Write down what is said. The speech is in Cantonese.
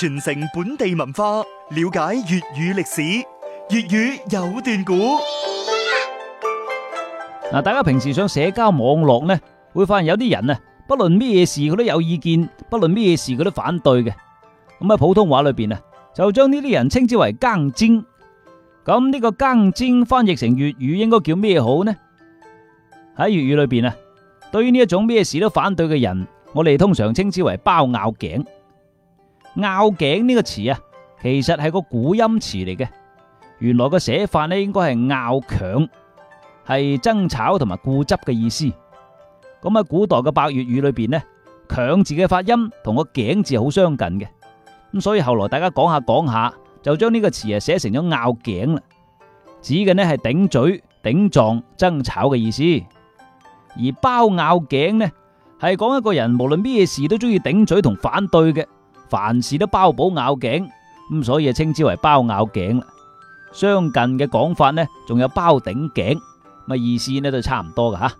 傳承本地文化，了解粵語歷史，粵語有段古。嗱，大家平時上社交網絡咧，會發現有啲人啊，不論咩事佢都有意見，不論咩事佢都反對嘅。咁喺普通話裏邊啊，就將呢啲人稱之為槓精。咁呢個槓精翻譯成粵語應該叫咩好呢？喺粵語裏邊啊，對於呢一種咩事都反對嘅人，這個、人，我哋通常稱之為包拗頸。拗頸呢個詞啊，其實係個古音詞嚟嘅。原來個寫法咧，應該係拗犟，係爭吵同埋固執嘅意思。咁喺古代嘅百越語裏邊咧，犟字嘅發音同個頸字好相近嘅，咁所以後來大家講下講下就將呢個詞啊寫成咗拗頸啦，指嘅呢係頂嘴、頂撞、爭吵嘅意思。而包拗頸呢，係講一個人無論咩事都中意頂嘴同反對嘅。凡事都包保拗頸，咁所以啊稱之為包拗頸啦。相近嘅講法呢，仲有包頂頸，咪意思呢都差唔多噶吓。